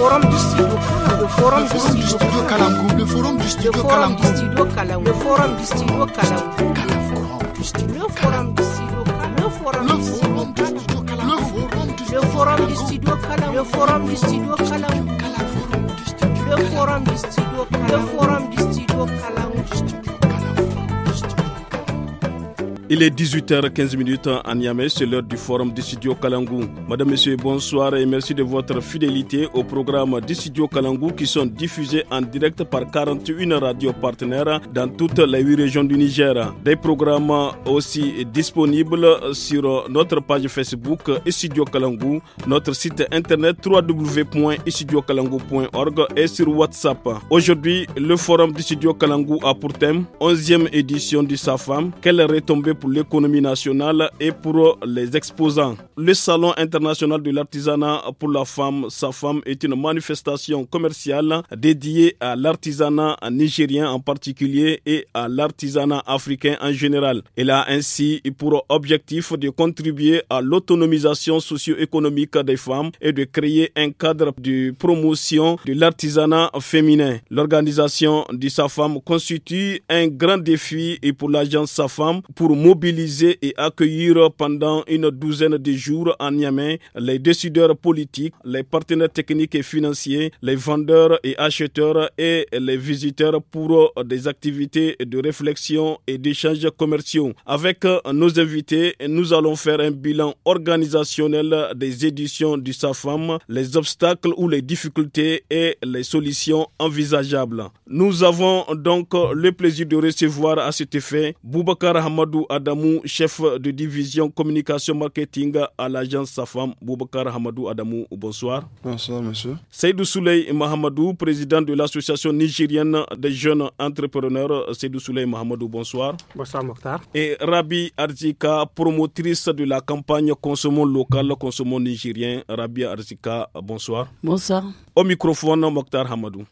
forum du studio le forum du le forum du studio calam, le forum du studio forum du le forum forum du studio le forum forum le forum le forum Il est 18h15 à Niamey, c'est l'heure du forum Dissidio Kalangou. Madame, Monsieur, bonsoir et merci de votre fidélité au programme Dissidio Kalangou qui sont diffusés en direct par 41 radios partenaires dans toutes les 8 régions du Niger. Des programmes aussi disponibles sur notre page Facebook Studio Kalangou, notre site internet Kalangou.org et sur WhatsApp. Aujourd'hui, le forum Dissidio Kalangou a pour thème 11e édition du SAFAM. Quelle retombée pour l'économie nationale et pour euh, les exposants. Le Salon international de l'artisanat pour la femme, SAFAM, est une manifestation commerciale dédiée à l'artisanat nigérien en particulier et à l'artisanat africain en général. Elle a ainsi pour objectif de contribuer à l'autonomisation socio-économique des femmes et de créer un cadre de promotion de l'artisanat féminin. L'organisation de SAFAM constitue un grand défi et pour l'agence SAFAM femme pour mobiliser et accueillir pendant une douzaine de jours en Niamey les décideurs politiques, les partenaires techniques et financiers, les vendeurs et acheteurs et les visiteurs pour des activités de réflexion et d'échanges commerciaux. Avec nos invités, nous allons faire un bilan organisationnel des éditions du SAFAM, les obstacles ou les difficultés et les solutions envisageables. Nous avons donc le plaisir de recevoir à cet effet Boubacar Hamadou Adamou, chef de division communication marketing à l'agence SAFAM, Boubacar Hamadou Adamou, bonsoir. Bonsoir, monsieur. Seydou Souley Mahamadou, président de l'association nigérienne des jeunes entrepreneurs. Seydou Souley Mahamadou, bonsoir. Bonsoir, Mokhtar. Et Rabi Arzika, promotrice de la campagne Consommons local, consommons nigérien. Rabi Arzika, bonsoir. Bonsoir. Au microphone, Mokhtar Hamadou.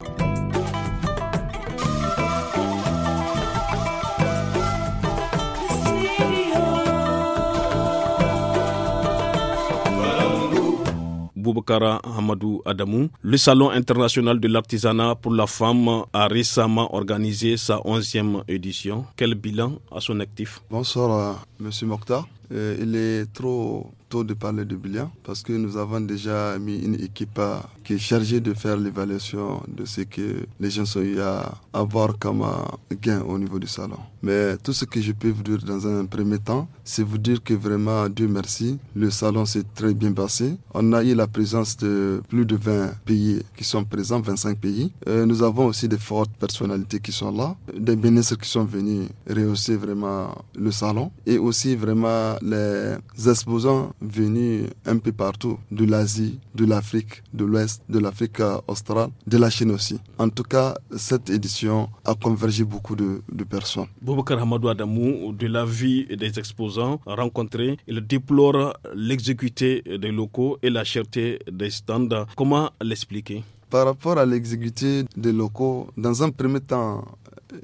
Boubakara Hamadou Adamou, le Salon international de l'artisanat pour la femme a récemment organisé sa 11e édition. Quel bilan à son actif Bonsoir, euh, Monsieur Mokhtar. Euh, il est trop tôt de parler de bilan parce que nous avons déjà mis une équipe qui est chargée de faire l'évaluation de ce que les gens sont eu à avoir comme euh, gain au niveau du salon. Mais tout ce que je peux vous dire dans un premier temps, c'est vous dire que vraiment, Dieu merci, le salon s'est très bien passé. On a eu la présence de plus de 20 pays qui sont présents, 25 pays. Euh, nous avons aussi des fortes personnalités qui sont là, des ministres qui sont venus rehausser vraiment le salon et aussi vraiment les exposants venus un peu partout, de l'Asie, de l'Afrique, de l'Ouest, de l'Afrique australe, de la Chine aussi. En tout cas, cette édition a convergé beaucoup de, personnes. Boubacar Hamadou Adamou, de vie des exposants rencontrés, il déplore l'exécuté des locaux et la cherté des stands. Comment l'expliquer par rapport à l'exécuté des locaux, dans un premier temps,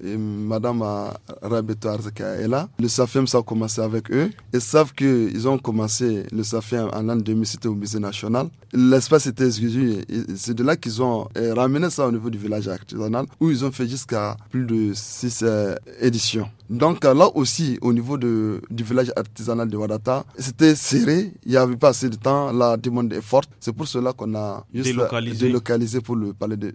Madame Rabeto Arzeka est là. Le SAFEM, ça a commencé avec eux. Ils savent qu'ils ont commencé le SAFEM en l'an 2000, c'était au musée national. L'espace était exclusif. C'est de là qu'ils ont eh, ramené ça au niveau du village artisanal, où ils ont fait jusqu'à plus de 6 euh, éditions. Donc euh, là aussi, au niveau de, du village artisanal de Wadata, c'était serré, il n'y avait pas assez de temps, la demande est forte. C'est pour cela qu'on a délocalisé. pour le palais de,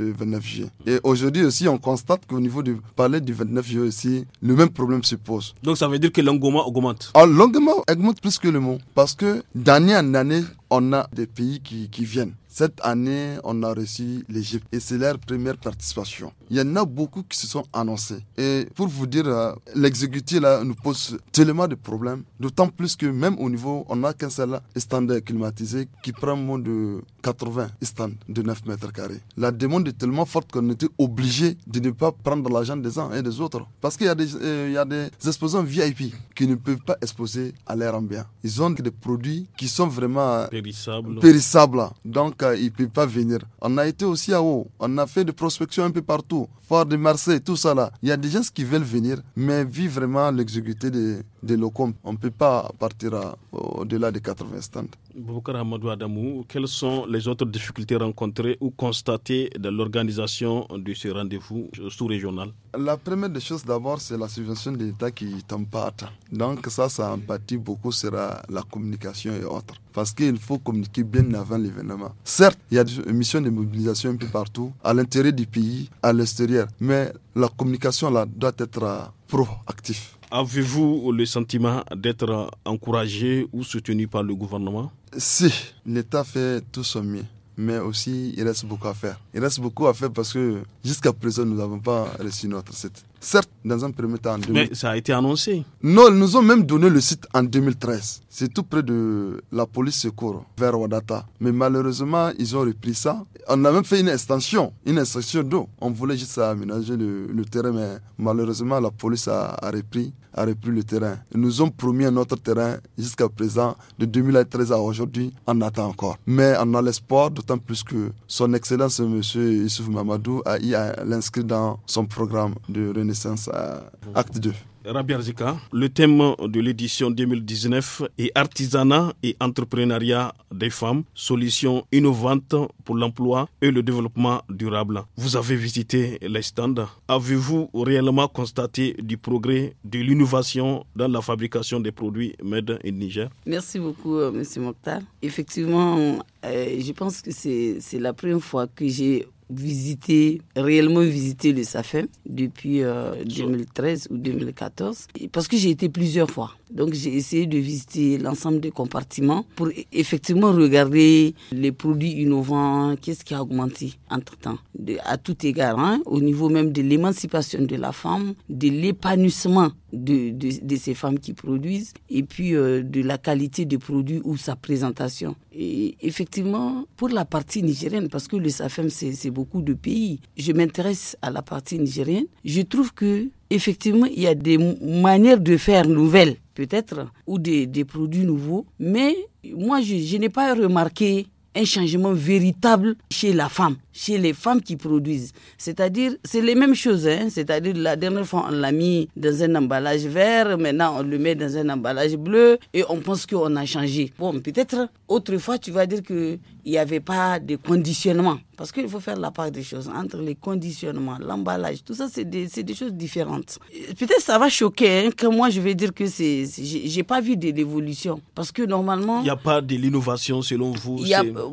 29 juillet. Et aujourd'hui aussi, on constate qu'au niveau du palais du 29 juillet aussi, le même problème se pose. Donc ça veut dire que l'engouement augmente ah, l'engouement augmente plus que le mot, parce que d'année en année, on a des pays qui, qui viennent. Cette année, on a reçu l'Égypte et c'est leur première participation. Il y en a beaucoup qui se sont annoncés. Et pour vous dire, euh, l'exécutif nous pose tellement de problèmes, d'autant plus que même au niveau, on n'a qu'un seul stand climatisé qui prend moins de 80 stands de 9 mètres carrés. La demande est tellement forte qu'on était obligé de ne pas prendre l'argent des uns et des autres. Parce qu'il y, a des, euh, y a des exposants VIP qui ne peuvent pas exposer à l'air ambiant. Ils ont des produits qui sont vraiment euh, périssables. Donc, il ne peut pas venir. On a été aussi à Haut, on a fait des prospections un peu partout, Fort de Marseille, tout ça là. Il y a des gens qui veulent venir, mais vivre vraiment l'exécuter des des locaux. On ne peut pas partir au-delà des 80 stands. Boubacar Hamadou Adamou, quelles sont les autres difficultés rencontrées ou constatées dans l'organisation de ce rendez-vous sous-régional La première des choses d'abord, c'est la subvention de l'État qui ne tombe à Donc ça, ça empathie beaucoup sur euh, la communication et autres. Parce qu'il faut communiquer bien avant l'événement. Certes, il y a des missions de mobilisation un peu partout, à l'intérieur du pays, à l'extérieur. Mais la communication là, doit être euh, proactive Avez-vous le sentiment d'être encouragé ou soutenu par le gouvernement Si, l'État fait tout son mieux mais aussi il reste beaucoup à faire. Il reste beaucoup à faire parce que jusqu'à présent, nous n'avons pas reçu notre recette certes, dans un premier temps en Mais ça a été annoncé. Non, ils nous ont même donné le site en 2013. C'est tout près de la police secours, vers Wadata. Mais malheureusement, ils ont repris ça. On a même fait une extension, une extension d'eau. On voulait juste aménager le, terrain, mais malheureusement, la police a, repris a repris le terrain. Ils nous ont promis un autre terrain jusqu'à présent, de 2013 à aujourd'hui, on attend encore. Mais on a l'espoir, d'autant plus que son Excellence, M. Issouf Mamadou, a, a l'inscrit dans son programme de renouvellement sens à acte 2. Rabia Arzika, le thème de l'édition 2019 est artisanat et entrepreneuriat des femmes, solutions innovantes pour l'emploi et le développement durable. Vous avez visité les stands. Avez-vous réellement constaté du progrès, de l'innovation dans la fabrication des produits Med et Niger Merci beaucoup, euh, Monsieur Mokhtar. Effectivement, euh, je pense que c'est la première fois que j'ai visiter, réellement visiter le SAFEM depuis 2013 euh, ou 2014, parce que j'ai été plusieurs fois. Donc j'ai essayé de visiter l'ensemble des compartiments pour e-, effectivement regarder les produits innovants, qu'est-ce qui a augmenté entre-temps, à tout égard, hein, au niveau même de l'émancipation de la femme, de l'épanouissement de, de, ces femmes qui produisent et puis euh, de la qualité des produits ou sa présentation. Et effectivement, pour la partie nigérienne, parce que le SAFEM, c'est beaucoup de pays, je m'intéresse à la partie nigérienne. Je trouve que effectivement, il y a des manières de faire nouvelles peut-être, ou des, produits nouveaux. Mais moi, je n'ai pas remarqué un changement véritable chez la femme chez les femmes qui produisent. C'est-à-dire, c'est les mêmes choses. Hein. C'est-à-dire, la dernière fois, on l'a mis dans un emballage vert, maintenant, on le met dans un emballage bleu et on pense qu'on a changé. Bon, peut-être, autrefois, tu vas dire qu'il n'y avait pas de conditionnement. Parce qu'il faut faire la part des choses entre les conditionnements, l'emballage, tout ça, c'est des, des, choses différentes. Peut-être ça va choquer hein, que moi je vais dire que c'est, j'ai pas vu de l'évolution parce que normalement il n'y a pas de l'innovation selon vous.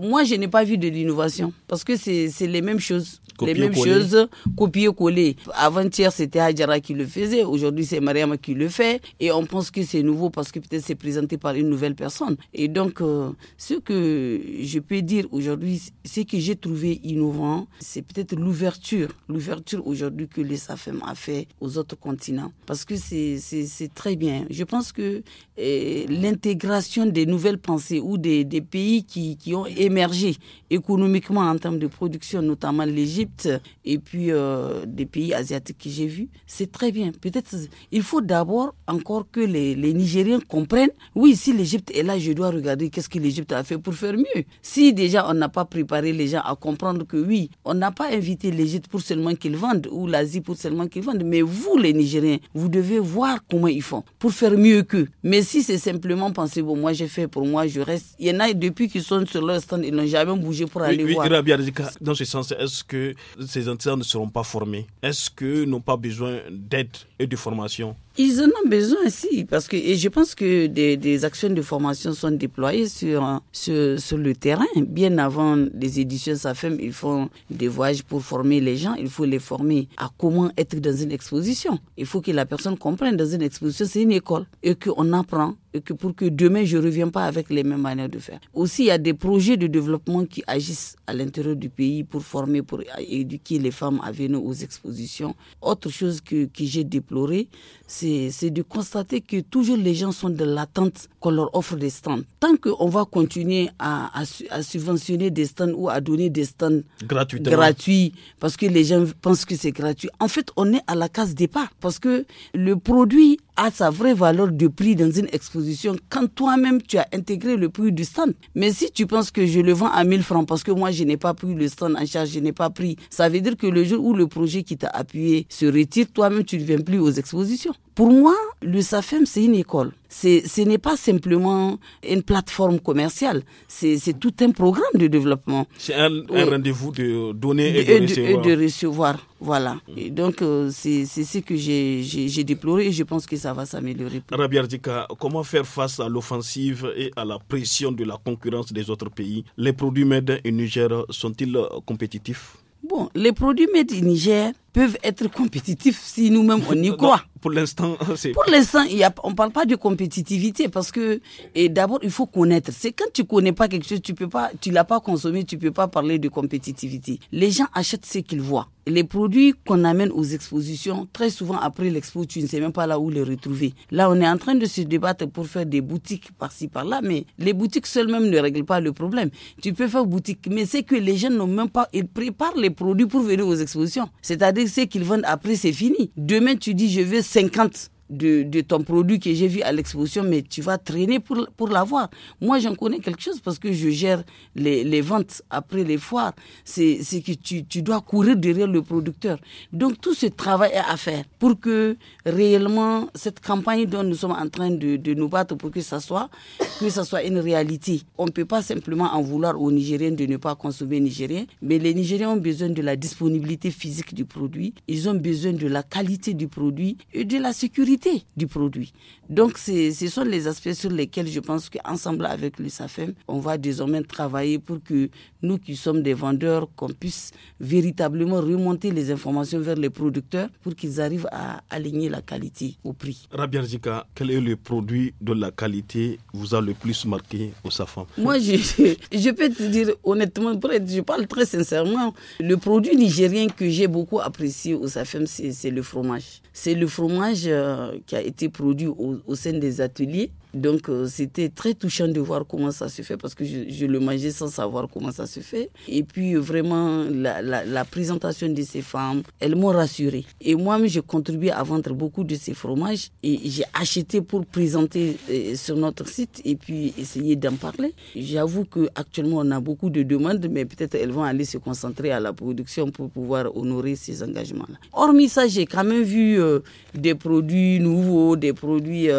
moi je n'ai pas vu de l'innovation parce que c'est c'est les mêmes choses. les mêmes choses, copier-coller. Avant-hier, c'était Hajara qui le faisait, aujourd'hui, c'est Mariam qui le fait, et on pense que c'est nouveau parce que peut-être c'est présenté par une nouvelle personne. Et donc, euh, ce que je peux dire aujourd'hui, ce que j'ai trouvé innovant, c'est peut-être l'ouverture, l'ouverture aujourd'hui que les SAFEM a fait aux autres continents, parce que c'est très bien. Je pense que l'intégration des nouvelles pensées ou des, pays qui, qui, ont émergé économiquement en termes de production, notamment l'Égypte et puis euh, des pays asiatiques que j'ai vus, c'est très bien. Peut-être il faut d'abord encore que les, Nigériens comprennent, oui, si l'Égypte est là, je dois regarder qu'est-ce que l'Égypte a fait pour faire mieux. Si déjà on n'a pas préparé les gens à comprendre que oui, on n'a pas invité l'Égypte pour seulement qu'ils vendent ou l'Asie pour seulement qu'ils vendent, mais vous les Nigériens, vous devez voir comment ils font pour faire mieux qu'eux. Mais si c'est simplement penser, bon, moi j'ai fait pour moi, je reste. Il y en a depuis qu'ils sont sur leur stand, ils n'ont jamais bougé pour oui, aller oui, voir. dans ce sens, est-ce que ces anciens ne seront pas formés Est-ce qu'ils n'ont pas besoin d'aide et de formation ils en ont besoin, aussi, parce que et je pense que des, des actions de formation sont déployées sur, sur, le terrain. Bien avant les éditions SAFEM, ils font des voyages pour former les gens. Il faut les former à comment être dans une exposition. Il faut que la personne comprenne dans une exposition, c'est une école et qu'on apprend que pour que demain je ne reviens pas avec les mêmes manières de faire. Aussi, il y a des projets de développement qui agissent à l'intérieur du pays pour former, pour éduquer les femmes à venir aux expositions. Autre chose que, que j'ai déplorée, c'est de constater que toujours les gens sont de l'attente qu'on leur offre des stands. Tant qu'on va continuer à, à, subventionner des stands ou à donner des stands gratuits, parce que les gens pensent que c'est gratuit, en fait, on est à la case départ, parce que le produit a sa vraie valeur de prix dans une exposition quand toi-même tu as intégré le prix du stand. Mais si tu penses que je le vends à 1000 francs parce que moi je n'ai pas pris le stand en charge, je n'ai pas pris, ça veut dire que le jour où le projet qui t'a appuyé se retire, toi-même tu ne viens plus aux expositions. Pour moi, le SAFEM c'est une école ce n'est pas simplement une plateforme commerciale, c'est tout un programme de développement. C'est un, rendez-vous de donner et de, recevoir. Voilà. donc, euh, c'est ce que j'ai déploré et je pense que ça va s'améliorer. Rabia Ardika, comment faire face à l'offensive et à la pression de la concurrence des autres pays Les produits MED et Niger sont-ils euh, compétitifs Bon, les produits MED et Niger, peuvent être compétitifs si nous-mêmes on y croit. pour l'instant, c'est. Pour l'instant, on parle pas de compétitivité parce que d'abord il faut connaître. C'est quand tu connais pas quelque chose, tu peux pas, tu l'as pas consommé, tu peux pas parler de compétitivité. Les gens achètent ce qu'ils voient. Les produits qu'on amène aux expositions, très souvent après l'expo, tu ne sais même pas là où les retrouver. Là, on est en train de se débattre pour faire des boutiques par-ci par-là, mais les boutiques seules même ne règlent pas le problème. Tu peux faire boutique, mais c'est que les gens n'ont même pas, ils préparent les produits pour venir aux expositions. C'est-à-dire c'est qu'ils vendent après, c'est fini. Demain, tu dis, je veux 50 de, ton produit que j'ai vu à l'exposition, mais tu vas traîner pour, pour l'avoir. Moi, j'en connais quelque chose parce que je gère les, les ventes après les foires. C'est que tu, tu dois courir derrière le producteur. Donc, tout ce travail est à faire pour que réellement cette campagne dont nous sommes en train de, de nous battre pour que ça soit, que ça soit une réalité. On ne peut pas simplement en vouloir aux Nigériens de ne pas consommer nigérien, mais les Nigériens ont besoin de la disponibilité physique du produit, ils ont besoin de la qualité du produit et de la sécurité du produit. Donc, ce sont les aspects sur lesquels je pense qu'ensemble avec le SAFEM, on va désormais travailler pour que nous qui sommes des vendeurs, qu'on puisse véritablement remonter les informations vers les producteurs pour qu'ils arrivent à aligner la qualité au prix. Jika, quel est le produit de la qualité vous a le plus marqué au SAFEM Moi, je, peux te dire honnêtement, je parle très sincèrement, le produit nigérien que j'ai beaucoup apprécié au SAFEM, c'est le fromage. C'est le fromage... Euh, qui a été produit au sein des ateliers donc euh, c'était très touchant de voir comment ça se fait parce que je, le mangeais sans savoir comment ça se fait. Et puis euh, vraiment la, présentation de ces femmes, elles m'ont rassurée. Et moi-même j'ai contribué à vendre beaucoup de ces fromages et j'ai acheté pour présenter euh, sur notre site et puis essayer d'en parler. J'avoue que actuellement on a beaucoup de demandes, mais peut-être elles vont aller se concentrer à la production pour pouvoir honorer ces engagements-là. Hormis ça, j'ai quand même vu des produits nouveaux, des produits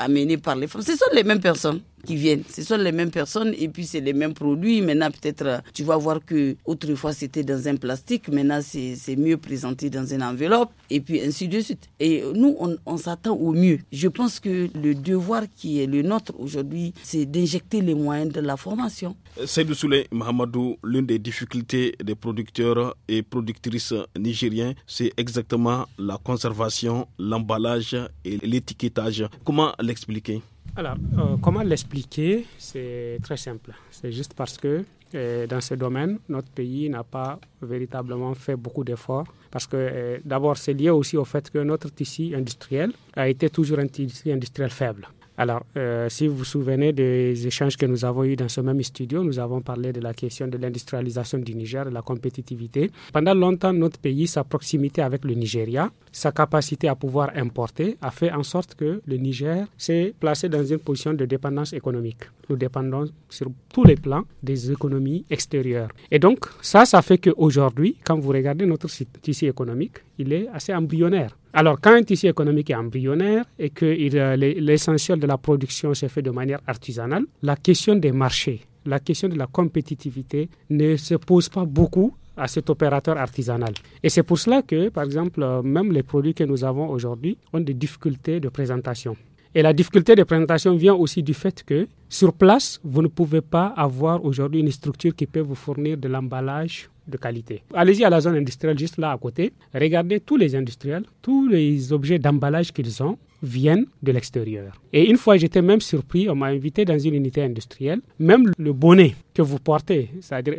amenés par les femmes. Ce sont les mêmes personnes qui viennent. Ce sont les mêmes personnes et puis c'est les mêmes produits. Maintenant, peut-être, euh, tu vas voir que autrefois c'était dans un plastique, maintenant c'est mieux présenté dans une enveloppe et puis ainsi de suite. Et nous, on, s'attend au mieux. Je pense que le devoir qui est le nôtre aujourd'hui, c'est d'injecter les moyens de la formation. Seydou Souley Mahamadou, l'une des difficultés des producteurs et productrices nigériens, c'est exactement la conservation, l'emballage et l'étiquetage. Comment l'expliquer alors, euh, comment l'expliquer C'est très simple. C'est juste parce que euh, dans ce domaine, notre pays n'a pas véritablement fait beaucoup d'efforts. Parce que euh, d'abord, c'est lié aussi au fait que notre tissu industriel a été toujours un tissu industriel faible. Alors, euh, si vous vous souvenez des échanges que nous avons eus dans ce même studio, nous avons parlé de la question de l'industrialisation du Niger, de la compétitivité. Pendant longtemps, notre pays, sa proximité avec le Nigeria, sa capacité à pouvoir importer, a fait en sorte que le Niger s'est placé dans une position de dépendance économique. Nous dépendons sur tous les plans des économies extérieures. Et donc, ça, ça fait qu'aujourd'hui, quand vous regardez notre tissu économique, il est assez embryonnaire. Alors, quand un tissu économique est embryonnaire et que euh, l'essentiel de la production se fait de manière artisanale, la question des marchés, la question de la compétitivité ne se pose pas beaucoup à cet opérateur artisanal. Et c'est pour cela que, par exemple, euh, même les produits que nous avons aujourd'hui ont des difficultés de présentation. Et la difficulté de présentation vient aussi du fait que sur place, vous ne pouvez pas avoir aujourd'hui une structure qui peut vous fournir de l'emballage de qualité. Allez-y à la zone industrielle juste là à côté. Regardez tous les industriels, tous les objets d'emballage qu'ils ont viennent de l'extérieur. Et une fois, j'étais même surpris, on m'a invité dans une unité industrielle. Même le bonnet que vous portez, c'est-à-dire,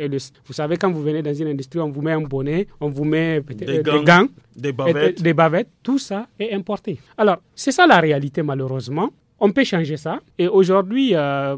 vous savez, quand vous venez dans une industrie, on vous met un bonnet, on vous met des, être euh, gants, des, gants, des, bavettes. tout ça est importé. Alors, c'est ça la réalité, malheureusement. On peut changer ça. Et aujourd'hui, euh,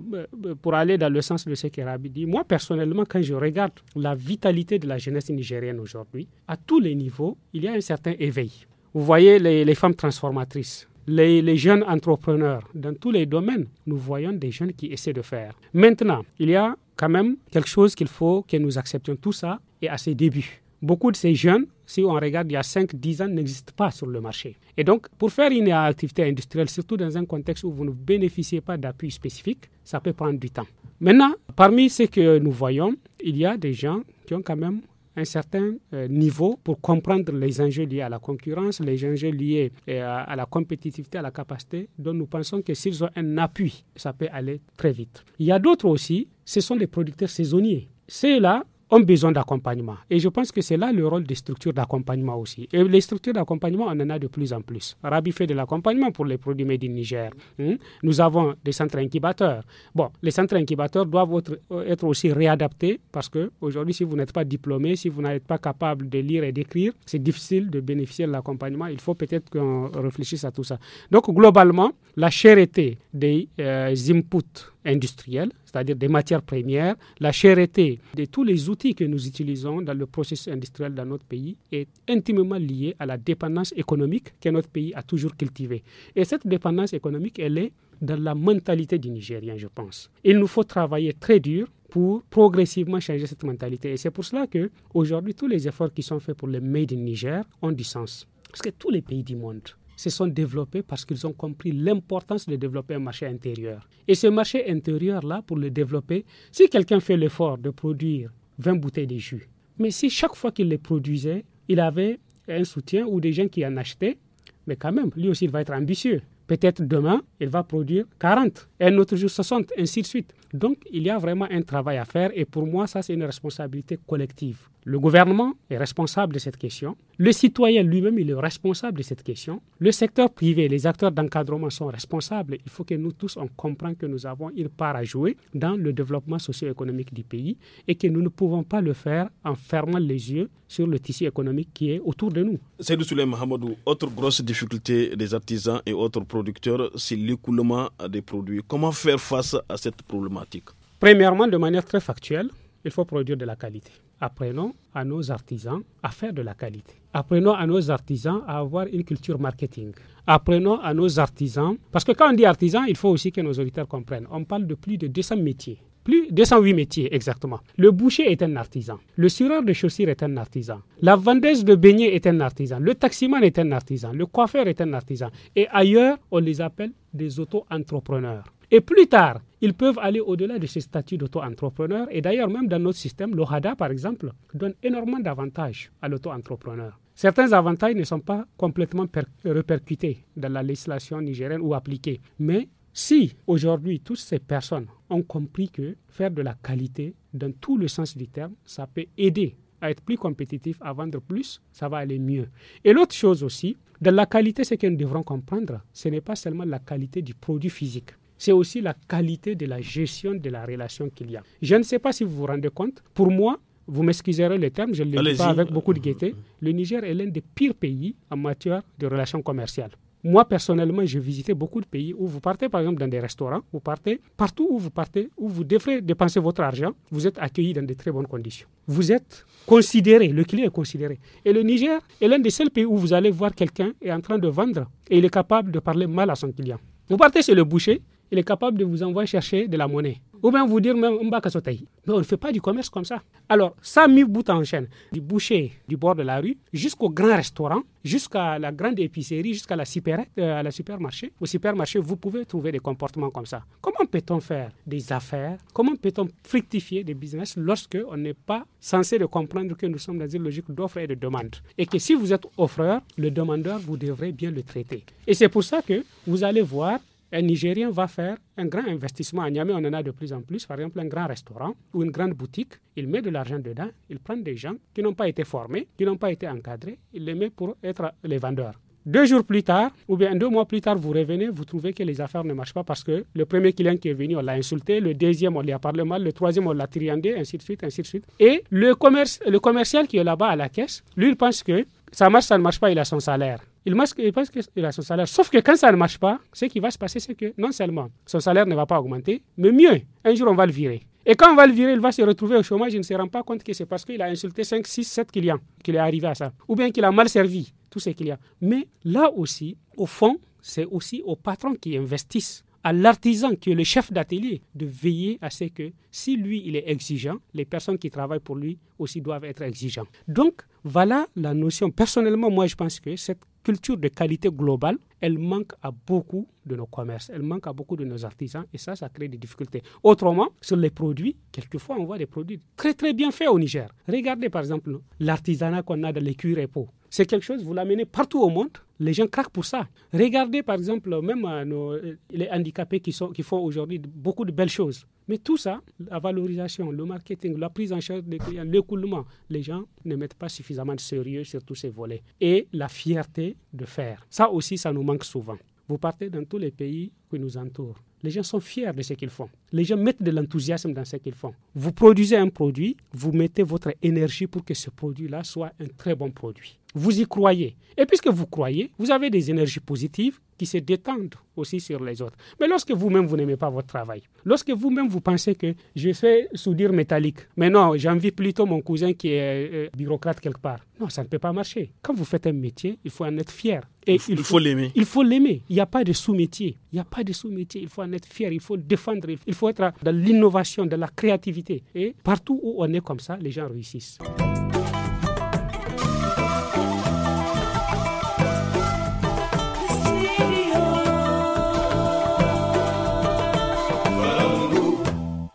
pour aller dans le sens de ce qu'Erabi dit, moi personnellement, quand je regarde la vitalité de la jeunesse nigérienne aujourd'hui, à tous les niveaux, il y a un certain éveil. Vous voyez les, femmes transformatrices. Les, les, jeunes entrepreneurs dans tous les domaines, nous voyons des jeunes qui essaient de faire. Maintenant, il y a quand même quelque chose qu'il faut que nous acceptions tout ça et à ses débuts. Beaucoup de ces jeunes si on regarde, il y a 5-10 ans, n'existe pas sur le marché. Et donc, pour faire une activité industrielle, surtout dans un contexte où vous ne bénéficiez pas d'appui spécifique, ça peut prendre du temps. Maintenant, parmi ce que nous voyons, il y a des gens qui ont quand même un certain euh, niveau pour comprendre les enjeux liés à la concurrence, les enjeux liés euh, à la compétitivité, à la capacité, dont nous pensons que s'ils ont un appui, ça peut aller très vite. Il y a d'autres aussi, ce sont des producteurs saisonniers. Ceux-là, ont besoin d'accompagnement. Et je pense que c'est là le rôle des structures d'accompagnement aussi. Et les structures d'accompagnement, on en a de plus en plus. Rabi fait de l'accompagnement pour les produits made in Niger. Hmm? Nous avons des centres incubateurs. Bon, les centres incubateurs doivent euh, être, aussi réadaptés parce qu'aujourd'hui, si vous n'êtes pas diplômé, si vous n'êtes pas capable de lire et d'écrire, c'est difficile de bénéficier de l'accompagnement. Il faut peut-être qu'on réfléchisse à tout ça. Donc, globalement, la chérité des euh, inputs industrielle, c'est-à-dire des matières premières. La chérité de tous les outils que nous utilisons dans le processus industriel dans notre pays est intimement liée à la dépendance économique que notre pays a toujours cultivée. Et cette dépendance économique, elle est dans la mentalité du Nigérien, je pense. Il nous faut travailler très dur pour progressivement changer cette mentalité. Et c'est pour cela que aujourd'hui tous les efforts qui sont faits pour le Made in Niger ont du sens. Parce que tous les pays du monde se sont développés parce qu'ils ont compris l'importance de développer un marché intérieur. Et ce marché intérieur-là, pour le développer, si quelqu'un fait l'effort de produire 20 bouteilles de jus, mais si chaque fois qu'il les produisait, il avait un soutien ou des gens qui en achetaient, mais quand même, lui aussi, il va être ambitieux. Peut-être demain, il va produire 40, un autre jour 60, ainsi de suite. Donc, il y a vraiment un travail à faire et pour moi, ça, c'est une responsabilité collective. Le gouvernement est responsable de cette question. Le citoyen lui-même, est responsable de cette question. Le secteur privé, les acteurs d'encadrement sont responsables. Il faut que nous tous, on comprenne que nous avons une part à jouer dans le développement socio-économique du pays et que nous ne pouvons pas le faire en fermant les yeux sur le tissu économique qui est autour de nous. Seydou Souleim Mahamadou, autre grosse difficulté des artisans et autres producteurs, c'est l'écoulement des produits. Comment faire face à cette problématique Premièrement, de manière très factuelle, il faut produire de la qualité apprenons à nos artisans à faire de la qualité. Apprenons à nos artisans à avoir une culture marketing. Apprenons à nos artisans, parce que quand on dit artisan, il faut aussi que nos auditeurs comprennent. On parle de plus de 200 métiers. Plus de 208 métiers exactement. Le boucher est un artisan. Le sureur de chaussures est un artisan. La vendeuse de beignets est un artisan. Le taximan est un artisan. Le coiffeur est un artisan. Et ailleurs, on les appelle des auto-entrepreneurs. Et plus tard, ils peuvent aller au-delà de ce statut d'auto-entrepreneur. Et d'ailleurs, même dans notre système, l'OHADA, par exemple, donne énormément d'avantages à l'auto-entrepreneur. Certains avantages ne sont pas complètement répercutés dans la législation nigérienne ou appliqués. Mais si aujourd'hui toutes ces personnes ont compris que faire de la qualité, dans tout le sens du terme, ça peut aider à être plus compétitif, à vendre plus, ça va aller mieux. Et l'autre chose aussi, dans la qualité, ce que nous devrons comprendre, ce n'est pas seulement la qualité du produit physique c'est aussi la qualité de la gestion de la relation qu'il y a. Je ne sais pas si vous vous rendez compte, pour moi, vous m'excuserez le terme, je ne le dis pas avec beaucoup de gaieté, le Niger est l'un des pires pays en matière de relations commerciales. Moi, personnellement, j'ai visité beaucoup de pays où vous partez, par exemple, dans des restaurants, vous partez, partout où vous partez, où vous devrez dépenser votre argent, vous êtes accueilli dans de très bonnes conditions. Vous êtes considéré, le client est considéré. Et le Niger est l'un des seuls pays où vous allez voir quelqu'un est en train de vendre et il est capable de parler mal à son client. Vous partez chez le boucher, il est capable de vous envoyer chercher de la monnaie. Ou bien vous dire même Mais on ne fait pas du commerce comme ça. Alors, ça mis bout en chaîne, du boucher du bord de la rue jusqu'au grand restaurant, jusqu'à la grande épicerie, jusqu'à la, euh, la supermarché. Au supermarché, vous pouvez trouver des comportements comme ça. Comment peut-on faire des affaires Comment peut-on fructifier des business lorsque on n'est pas censé de comprendre que nous sommes dans une logique d'offre et de demande Et que si vous êtes offreur, le demandeur, vous devrez bien le traiter. Et c'est pour ça que vous allez voir un Nigérien va faire un grand investissement à Niamey, on en a de plus en plus, par exemple un grand restaurant ou une grande boutique, il met de l'argent dedans, il prend des gens qui n'ont pas été formés, qui n'ont pas été encadrés, il les met pour être les vendeurs. Deux jours plus tard, ou bien deux mois plus tard, vous revenez, vous trouvez que les affaires ne marchent pas parce que le premier client qui est venu, on l'a insulté, le deuxième, on lui a parlé mal, le troisième, on l'a triandé, ainsi de suite, ainsi de suite. Et le, commerce, le commercial qui est là-bas à la caisse, lui, il pense que ça marche, ça ne marche pas, il a son salaire il, il pense qu'il a son salaire. Sauf que quand ça ne marche pas, ce qui va se passer, c'est que non seulement son salaire ne va pas augmenter, mais mieux, un jour on va le virer. Et quand on va le virer, il va se retrouver au chômage, il ne se rend pas compte que c'est parce qu'il a insulté 5, 6, 7 clients qu'il est arrivé à ça. Ou bien qu'il a mal servi tout ce qu'il y a Mais là aussi, au fond, c'est aussi au patron qui investissent à l'artisan qui est le chef d'atelier de veiller à ce que si lui il est exigeant, les personnes qui travaillent pour lui aussi doivent être exigeants. Donc voilà la notion. Personnellement, moi je pense que cette culture de qualité globale, elle manque à beaucoup de nos commerces, elle manque à beaucoup de nos artisans et ça, ça crée des difficultés. Autrement, sur les produits, quelquefois, on voit des produits très très bien faits au Niger. Regardez par exemple l'artisanat qu'on a dans les cuirs et pots. C'est quelque chose, vous l'amenez partout au monde, les gens craquent pour ça. Regardez par exemple même euh, euh, les handicapés qui font aujourd'hui beaucoup de belles choses. Mais tout ça, la valorisation, le marketing, la prise en charge des clients, l'écoulement, les gens ne mettent pas suffisamment de sérieux sur tous ces volets. Et la fierté de faire. Ça aussi, ça nous manque souvent. Vous partez dans tous les pays qui nous entourent. Les gens sont fiers de ce qu'ils font. Les gens mettent de l'enthousiasme dans ce qu'ils font. Vous produisez un produit, vous mettez votre énergie pour que ce produit-là soit un très bon produit vous y croyez. Et puisque vous croyez, vous avez des énergies positives qui se détendent aussi sur les autres. Mais lorsque vous-même, vous, n'aimez pas votre travail, lorsque vous-même, vous pensez que je fais soudure métallique, mais non, j'envie plutôt mon cousin qui est euh, bureaucrate quelque part. Non, ça ne peut pas marcher. Quand vous faites un métier, il faut en être fier. Et il faut l'aimer. Il faut l'aimer. Il n'y a pas de sous-métier. Il n'y a pas de sous-métier. Il faut en être fier. Il faut défendre. Il faut être dans l'innovation, dans la créativité. Et partout où on est comme ça, les gens réussissent.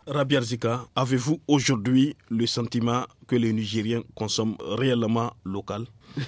Rabia Zika, avez-vous aujourd'hui le sentiment que les Nigériens consomment réellement local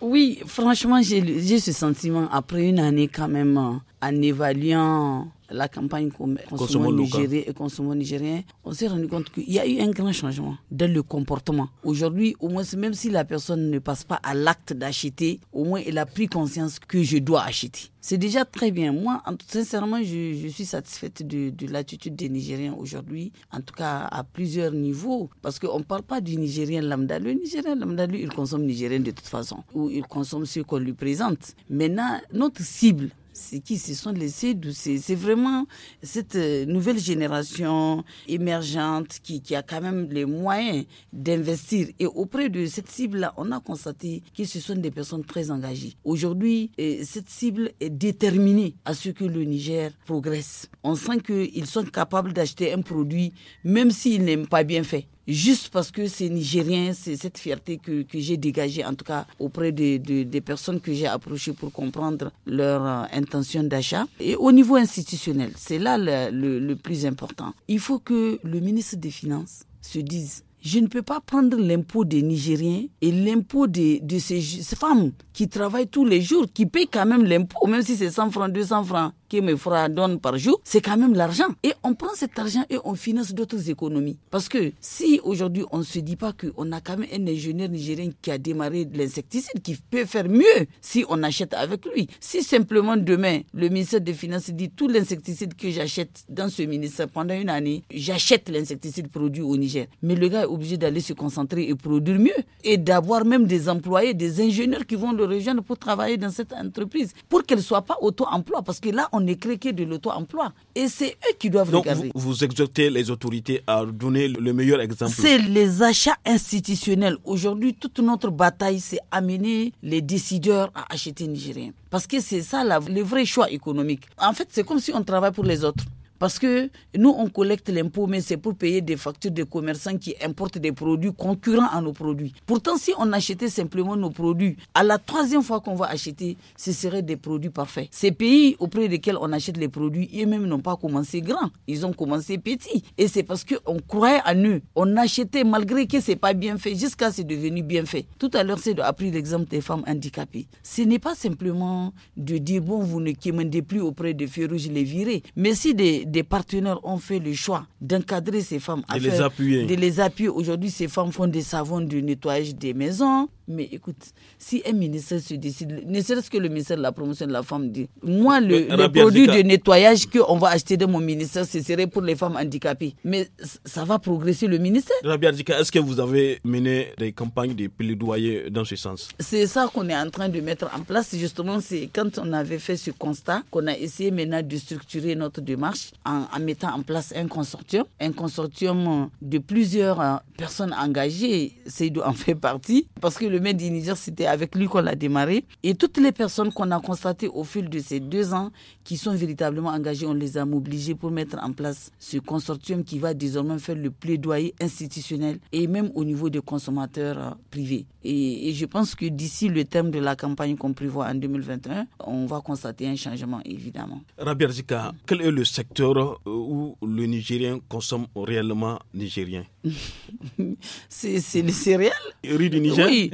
Oui, franchement, j'ai ce sentiment après une année quand même euh, en évaluant la campagne consommons nigérien et consommons nigérien, on s'est rendu compte qu'il y a eu un grand changement dans le comportement. Aujourd'hui, au moins, même si la personne ne passe pas à l'acte d'acheter, au moins elle a pris conscience que je dois acheter. C'est déjà très bien. Moi, sincèrement, je, suis satisfaite de, de l'attitude des Nigériens aujourd'hui, en tout cas à plusieurs niveaux, parce qu'on ne parle pas du Nigérien lambda. Le Nigérien lambda, lui, il consomme Nigérien de toute façon, ou il consomme ce qu'on lui présente. Maintenant, notre cible, c'est qui se sont laissés douce C'est vraiment cette euh, nouvelle génération émergente qui, a quand même les moyens d'investir. Et auprès de cette cible-là, on a constaté que ce sont des personnes très engagées. Aujourd'hui, euh, cette cible est déterminée à ce que le Niger progresse. On sent qu'ils sont capables d'acheter un produit, même s'il n'est pas bien fait juste parce que c'est nigérien, c'est cette fierté que, j'ai dégagée, en tout cas auprès des personnes que j'ai approchées pour comprendre leur euh, intention d'achat. Et au niveau institutionnel, c'est là le, plus important. Il faut que le ministre des Finances se dise je ne peux pas prendre l'impôt des Nigériens et l'impôt de, de, ces femmes qui travaillent tous les jours, qui payent quand même l'impôt, même si c'est 100 francs, 200 francs qui me fera donne par jour, c'est quand même l'argent. Et on prend cet argent et on finance d'autres économies. Parce que si aujourd'hui on ne se dit pas qu'on a quand même un ingénieur nigérien qui a démarré l'insecticide, qui peut faire mieux si on achète avec lui. Si simplement demain, le ministère des Finances dit tout l'insecticide que j'achète dans ce ministère pendant une année, j'achète l'insecticide produit au Niger. Mais le gars est obligé d'aller se concentrer et produire mieux. Et d'avoir même des employés, des ingénieurs qui vont le rejoindre pour travailler dans cette entreprise. Pour qu'elle ne soit pas auto-emploi. Parce que là, on crée que de l'auto-emploi. Et c'est eux qui doivent Donc regarder. Vous, vous exhortez les autorités à donner le meilleur exemple. C'est les achats institutionnels. Aujourd'hui, toute notre bataille, c'est amener les décideurs à acheter nigérien. Parce que c'est ça la, le vrai choix économique. En fait, c'est comme si on travaille pour les autres. Parce que nous, on collecte l'impôt, mais c'est pour payer des factures des commerçants qui importent des produits concurrents à nos produits. Pourtant, si on achetait simplement nos produits, à la troisième fois qu'on va acheter, ce serait des produits parfaits. Ces pays auprès desquels on achète les produits, eux-mêmes n'ont pas commencé grand. Ils ont commencé petit. Et c'est parce qu'on croyait en eux. On achetait malgré que c'est pas bien fait, jusqu'à ce que c'est devenu bien fait. Tout à l'heure, c'est appris l'exemple des femmes handicapées. Ce n'est pas simplement de dire, bon, vous ne commandez plus auprès des feux je les virer. Mais si des des partenaires ont fait le choix d'encadrer ces femmes. à De les appuyer. Aujourd'hui, ces femmes font des savons de nettoyage des maisons. Mais écoute, si un ministère se décide, ne serait-ce que le ministère de la promotion de la femme dit, moi, le, produit de nettoyage qu'on va acheter dans mon ministère, ce serait pour les femmes handicapées. Mais ça va progresser le ministère. est-ce que vous avez mené des campagnes de plaidoyer dans ce sens C'est ça qu'on est en train de mettre en place. Justement, c'est quand on avait fait ce constat qu'on a essayé maintenant de structurer notre démarche en, mettant en place un consortium, un consortium de plusieurs euh, personnes engagées. C'est en fait partie. Parce que le le maire du c'était avec lui qu'on a démarré. Et toutes les personnes qu'on a constatées au fil de ces deux ans qui sont véritablement engagés, on les a mobilisés pour mettre en place ce consortium qui va désormais faire le plaidoyer institutionnel et même au niveau des consommateurs euh, privés. Et, je pense que d'ici le terme de la campagne qu'on prévoit en 2021, on va constater un changement évidemment. Rabia Zika, quel est le secteur euh, où le Nigérien consomme réellement nigérien C'est les céréales. riz du Niger Oui.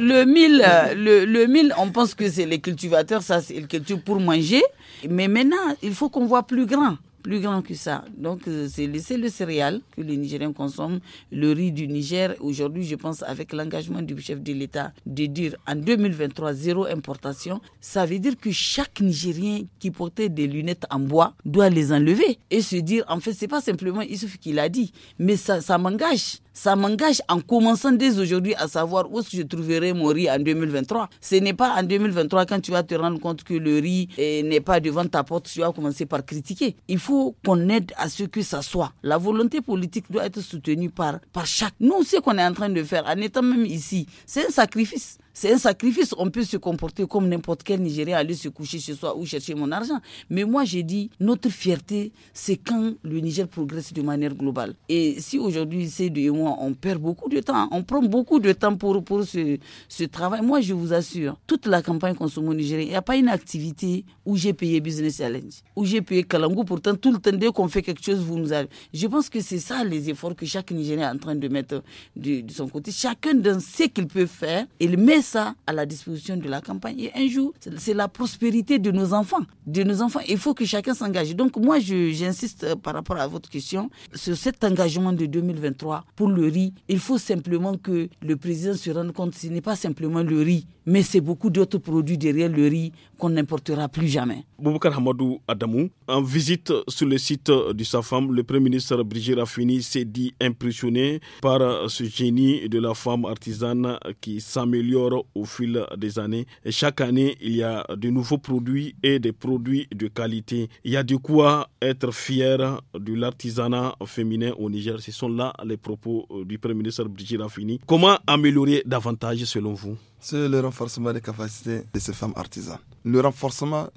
le mil, euh, le, le on pense que c'est les cultivateurs, ça c'est le culture pour manger. Mais maintenant, il faut qu'on voit plus grand plus grand que ça. Donc, euh, c'est le, le céréal que les Nigériens consomment, le riz du Niger. Aujourd'hui, je pense, avec l'engagement du chef de l'État de dire en 2023, zéro importation, ça veut dire que chaque Nigérien qui portait des lunettes en bois doit les enlever et se dire, en fait, c'est pas simplement Issouf qui l'a dit, mais ça m'engage ça m'engage en commençant dès aujourd'hui à savoir où je trouverai mon riz en 2023. Ce n'est pas en 2023 quand tu vas te rendre compte que le riz eh, n'est pas devant ta porte, tu vas commencer par critiquer. Il faut qu'on aide à ce que ça soit. La volonté politique doit être soutenue par, par chaque. Nous, ce qu'on est en train de faire en étant même ici, c'est un sacrifice. C'est un sacrifice. On peut se comporter comme n'importe quel Nigérien, aller se coucher chez soi ou chercher mon argent. Mais moi, j'ai dit, notre fierté, c'est quand le Niger progresse de manière globale. Et si aujourd'hui, c'est de moi, on perd beaucoup de temps. On prend beaucoup de temps pour, pour ce, ce travail. Moi, je vous assure, toute la campagne Consumo Nigérien, il n'y a pas une activité où j'ai payé Business Challenge, où j'ai payé Kalangu. Pourtant, tout le temps, dès qu'on fait quelque chose, vous nous avez. Je pense que c'est ça les efforts que chaque Nigérien est en train de mettre de, de son côté. Chacun dans ce qu'il peut faire, il met ça à la disposition de la campagne. Et un jour, c'est la prospérité de nos enfants. De nos enfants, il faut que chacun s'engage. Donc moi, j'insiste euh, par rapport à votre question sur cet engagement de 2023 pour le riz. Il faut simplement que le président se rende compte que ce n'est pas simplement le riz, mais c'est beaucoup d'autres produits derrière le riz qu'on n'importera plus jamais. Boubacar Hamadou Adamou, en visite sur le site euh, sa femme, le Premier ministre Brigitte Raffini s'est dit impressionné par euh, ce génie de la femme artisane qui s'améliore au fil des années. Et chaque année, il y a de nouveaux produits et des produits de qualité. Il y a de quoi être fier de l'artisanat féminin au Niger. Ce sont là les propos euh, du Premier ministre Brigitte Raffini. Comment améliorer davantage selon vous C'est le renforcement des capacités de ces femmes artisanes. Le renforcement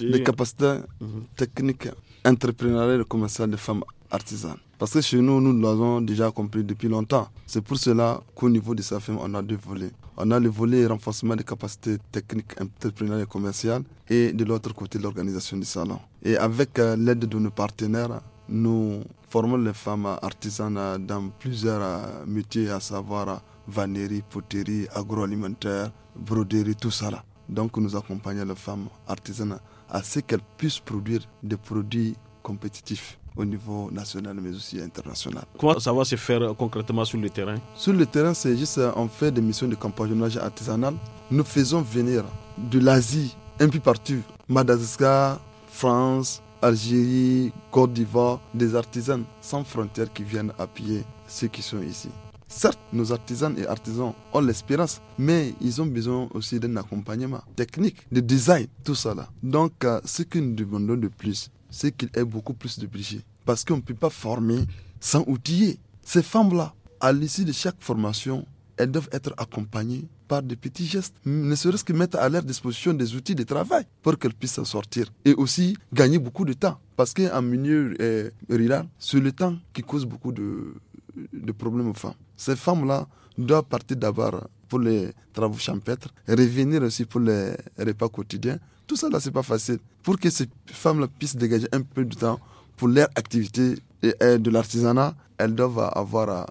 des capacités mhm. techniques, entrepreneuriales et commerciales des femmes Artisan, Parce que chez nous, nous l'avons déjà compris depuis longtemps. C'est pour cela qu'au niveau de SAFEM, on a deux volets. On a le volet renforcement des capacités techniques, entrepreneuriales et commerciales et de l'autre côté, l'organisation du salon. Et avec euh, l'aide de nos partenaires, nous formons les femmes artisanes dans plusieurs euh, métiers, à savoir euh, vannerie, poterie, agroalimentaire, broderie, tout ça. Donc nous accompagnons les femmes artisanes à ce qu'elles puissent produire des produits compétitifs au niveau national mais aussi international. Comment ça va se faire euh, concrètement sur le terrain Sur le terrain, c'est juste en euh, fait des missions de campagnonnage artisanal. Nous faisons venir de l'Asie un peu partout, Madagascar, France, Algérie, Côte d'Ivoire, des artisans sans frontières qui viennent appuyer ceux qui sont ici. Certes, nos artisans et artisans ont l'espérance, mais ils ont besoin aussi d'un accompagnement technique, de design, tout ça là. Donc, euh, ce que nous demandons de plus, c'est qu'il est beaucoup plus de budget. Parce qu'on ne peut pas former sans outiller. Ces femmes-là, à l'issue de chaque formation, elles doivent être accompagnées par des petits gestes, ne serait-ce que mettre à leur disposition des outils de travail pour qu'elles puissent s'en sortir et aussi gagner beaucoup de temps. Parce qu'en milieu eh, rural, c'est le temps qui cause beaucoup de, de problèmes aux femmes. Ces femmes-là doivent partir d'abord pour les travaux champêtres, revenir aussi pour les repas quotidiens, tout ça, là, c'est pas facile. Pour que ces femmes-là puissent dégager un peu de temps pour leur activité et de l'artisanat, elles doivent avoir euh,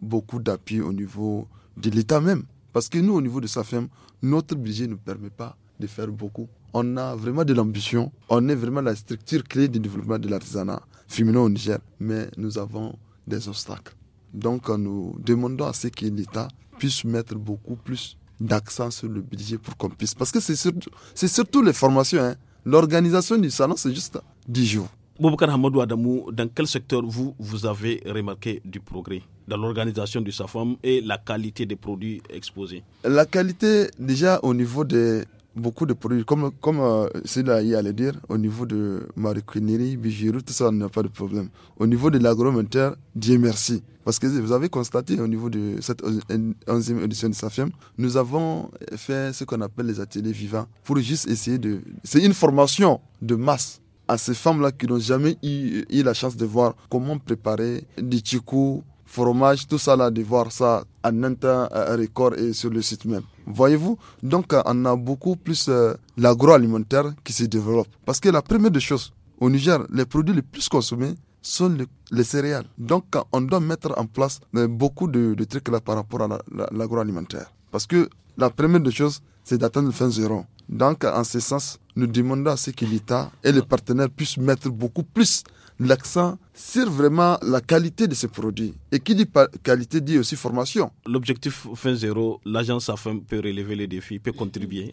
beaucoup d'appui au niveau de l'État même. Parce que nous, au niveau de SAFEM, notre budget ne permet pas de faire beaucoup. On a vraiment de l'ambition. On est vraiment la structure clé du développement de l'artisanat féminin au Niger. Mais nous avons des obstacles. Donc, euh, nous demandons à ce que l'État puisse mettre beaucoup plus d'accent sur le budget pour qu'on puisse. Parce que c'est surtout, surtout les formations. Hein. L'organisation du salon, c'est juste 10 jours. Boubacar Hamadou Adamou, dans quel secteur vous, vous avez remarqué du progrès dans l'organisation du SAFOM et la qualité des produits exposés La qualité, déjà au niveau des beaucoup de produits. Comme, comme euh, là y allait dire, au niveau de maroquinerie, bijiru, tout ça, on n'a pas de problème. Au niveau de l'agroalimentaire, Dieu merci. Parce que vous avez constaté au niveau de cette 11e édition de SAFIEM, nous avons fait ce qu'on appelle les ateliers vivants pour juste essayer de. C'est une formation de masse à ces femmes-là qui n'ont jamais eu, la chance de voir comment préparer des chicots fromage, tout ça là, de voir ça en un euh, record et sur le site même. Voyez-vous, donc euh, on a beaucoup plus euh, l'agroalimentaire qui se développe. Parce que la première des choses, au Niger, les produits les plus consommés sont les, céréales. Donc on doit mettre en place beaucoup de, trucs là par rapport à l'agroalimentaire. Parce que la première des choses, c'est d'atteindre le fin zéro. Donc en ce sens, nous demandons à ce que l'État et les partenaires puissent mettre beaucoup plus l'accent sur vraiment la qualité de ces produits. Et qui dit qualité dit aussi formation. L'objectif fin zéro, l'agence afin peut relever les défis, peut contribuer.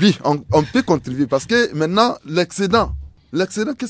Oui, on peut contribuer parce que maintenant, l'excédent L'accident que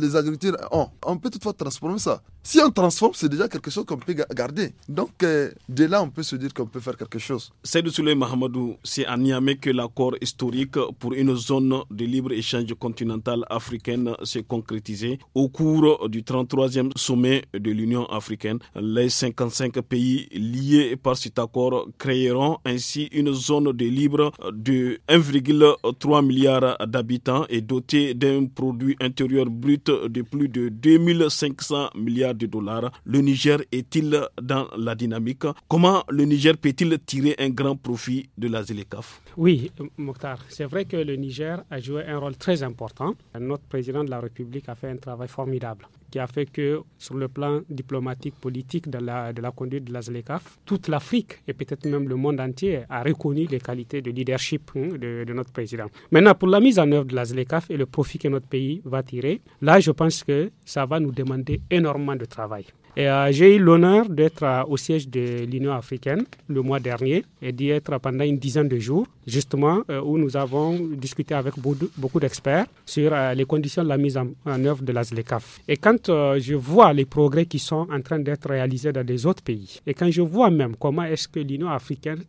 les agriculteurs ont, on peut toutefois transformer ça. Si on transforme, c'est déjà quelque chose qu'on peut garder. Donc, euh, de là, on peut se dire qu'on peut faire quelque chose. de Souley Mahamadou, c'est à Niamey que l'accord historique pour une zone de libre-échange continentale africaine s'est concrétisé au cours du 33e sommet de l'Union africaine. Les 55 pays liés par cet accord créeront ainsi une zone de libre de 1,3 milliard d'habitants et dotée d'un produit produit intérieur brut de plus de 2500 milliards de dollars, le Niger est-il dans la dynamique Comment le Niger peut-il tirer un grand profit de la ZLECAF oui, Mokhtar, c'est vrai que le Niger a joué un rôle très important. Notre président de la République a fait un travail formidable qui a fait que sur le plan diplomatique, politique de la, conduite de la ZLECAF, toute l'Afrique et peut-être même le monde entier a reconnu les qualités de leadership hein, de, de, notre président. Maintenant, pour la mise en œuvre de la ZLECAF et le profit que notre pays va tirer, là, je pense que ça va nous demander énormément de travail. Euh, j'ai eu l'honneur d'être euh, au siège de l'Union africaine le mois dernier et d'y être pendant une dizaine de jours, justement, euh, où nous avons discuté avec beaucoup d'experts sur les conditions de la mise en, œuvre de la ZLECAF. Et quand je vois les progrès qui sont en train d'être réalisés dans des autres pays, et quand je vois même comment est-ce que l'Union africaine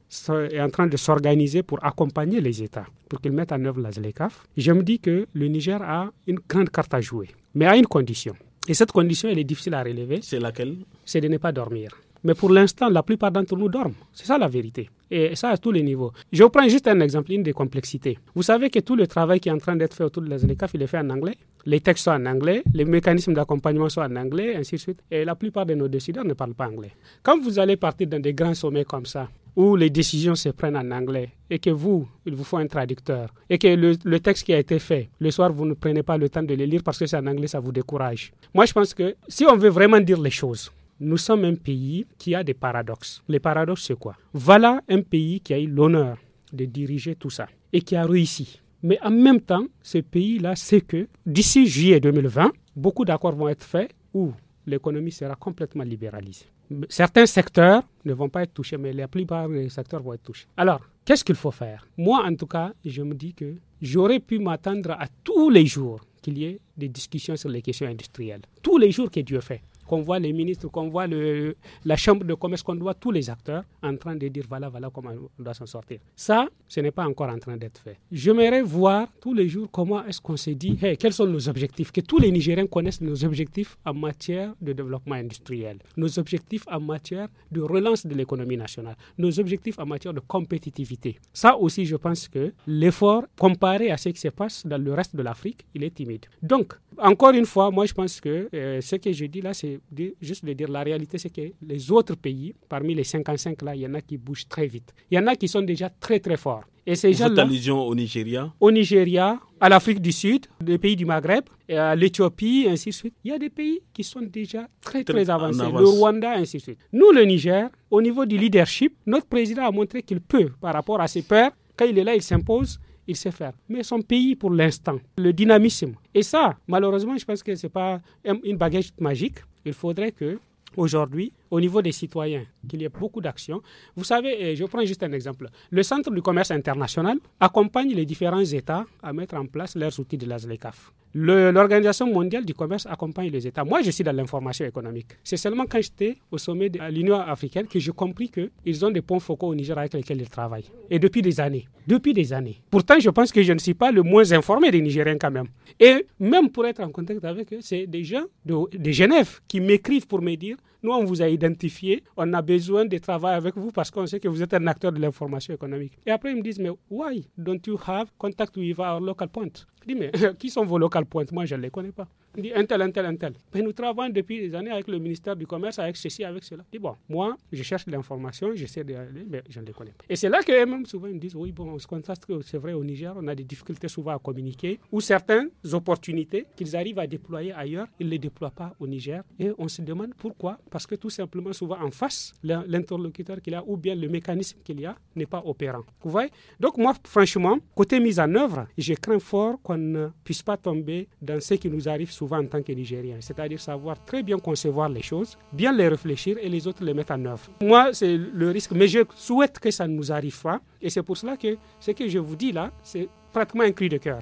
est en train de s'organiser pour accompagner les États, pour qu'ils mettent en œuvre la ZLECAF, je me dis que le Niger a une grande carte à jouer, mais à une condition et cette condition, elle est difficile à relever. C'est laquelle C'est de ne pas dormir. Mais pour l'instant, la plupart d'entre nous dorment. C'est ça la vérité. Et ça à tous les niveaux. Je vous prends juste un exemple, une des complexités. Vous savez que tout le travail qui est en train d'être fait autour de la ZNECAF, il est fait en anglais. Les textes sont en anglais, les mécanismes d'accompagnement sont en anglais, ainsi de suite. Et la plupart de nos décideurs ne parlent pas anglais. Quand vous allez partir dans des grands sommets comme ça, où les décisions se prennent en anglais et que vous, il vous faut un traducteur et que le, texte qui a été fait, le soir, vous ne prenez pas le temps de le lire parce que c'est en anglais, ça vous décourage. Moi, je pense que si on veut vraiment dire les choses, nous sommes un pays qui a des paradoxes. Les paradoxes, c'est quoi Voilà un pays qui a eu l'honneur de diriger tout ça et qui a réussi. Mais en même temps, ce pays-là sait que d'ici juillet 2020, beaucoup d'accords vont être faits où l'économie sera complètement libéralisée. Certains secteurs ne vont pas être touchés, mais la plupart des secteurs vont être touchés. Alors, qu'est-ce qu'il faut faire Moi, en tout cas, je me dis que j'aurais pu m'attendre à tous les jours qu'il y ait des discussions sur les questions industrielles. Tous les jours que Dieu fait qu'on voit les ministres, qu'on voit le, la chambre de commerce, qu'on voit tous les acteurs en train de dire voilà, voilà comment on doit s'en sortir. Ça, ce n'est pas encore en train d'être fait. J'aimerais voir tous les jours comment est-ce qu'on s'est dit, hey, quels sont nos objectifs, que tous les Nigériens connaissent nos objectifs en matière de développement industriel, nos objectifs en matière de relance de l'économie nationale, nos objectifs en matière de compétitivité. Ça aussi, je pense que l'effort comparé à ce qui se passe dans le reste de l'Afrique, il est timide. Donc, encore une fois, moi je pense que euh, ce que je dis là, c'est juste de dire la réalité, c'est que les autres pays, parmi les 55 là, il y en a qui bougent très vite. Il y en a qui sont déjà très très forts. Et ces Vous allusion au Nigeria Au Nigeria, à l'Afrique du Sud, les pays du Maghreb, à l'Éthiopie, ainsi de suite. Il y a des pays qui sont déjà très, très, avancés. Le Rwanda, ainsi de suite. Nous, le Niger, au niveau du leadership, notre président a montré qu'il peut, par rapport à ses pairs, quand il est là, il s'impose il sait faire. Mais son pays, pour l'instant, le dynamisme. Et ça, malheureusement, je pense que ce n'est pas une baguette magique. Il faudrait que, aujourd'hui, au niveau des citoyens, qu'il y ait beaucoup d'actions. Vous savez, euh, je prends juste un exemple. Le Centre du commerce international accompagne les différents États à mettre en place leurs outils de l'ASLECAF. L'Organisation mondiale du commerce accompagne les États. Moi, je suis dans l'information économique. C'est seulement quand j'étais au sommet de l'Union africaine que j'ai compris qu'ils ont des ponts focaux au Niger avec lesquels ils travaillent. Et depuis des années. Depuis des années. Pourtant, je pense que je ne suis pas le moins informé des Nigériens quand même. Et même pour être en contact avec eux, c'est des gens de Genève qui m'écrivent pour me dire nous, on vous a identifié, on a besoin de travailler avec vous parce qu'on sait que vous êtes un acteur de l'information économique. Et après, ils me disent, mais why don't you have contact with our local point Je dis, mais qui sont vos local points Moi, je ne les connais pas. Il dit un tel, un tel, un tel. Mais nous travaillons depuis des années avec le ministère du Commerce, avec ceci, avec cela. Il dit bon, moi, je cherche l'information, j'essaie d'aller, mais je ne les connais pas. Et c'est là que même souvent ils me disent oui, bon, on se contraste que c'est vrai au Niger, on a des difficultés souvent à communiquer, ou certaines opportunités qu'ils arrivent à déployer ailleurs, ils ne les déploient pas au Niger. Et on se demande pourquoi. Parce que tout simplement, souvent en face, l'interlocuteur qu'il a, ou bien le mécanisme qu'il y a, n'est pas opérant. Vous voyez Donc moi, franchement, côté mise en œuvre, je crains fort qu'on ne puisse pas tomber dans ce qui nous arrive souvent en tant que Nigérien, c'est-à-dire savoir très bien concevoir les choses, bien les réfléchir et les autres les mettre en œuvre. Moi, c'est le risque, mais je souhaite que ça ne nous arrive pas. Et c'est pour cela que ce que je vous dis là, c'est pratiquement un cri de cœur.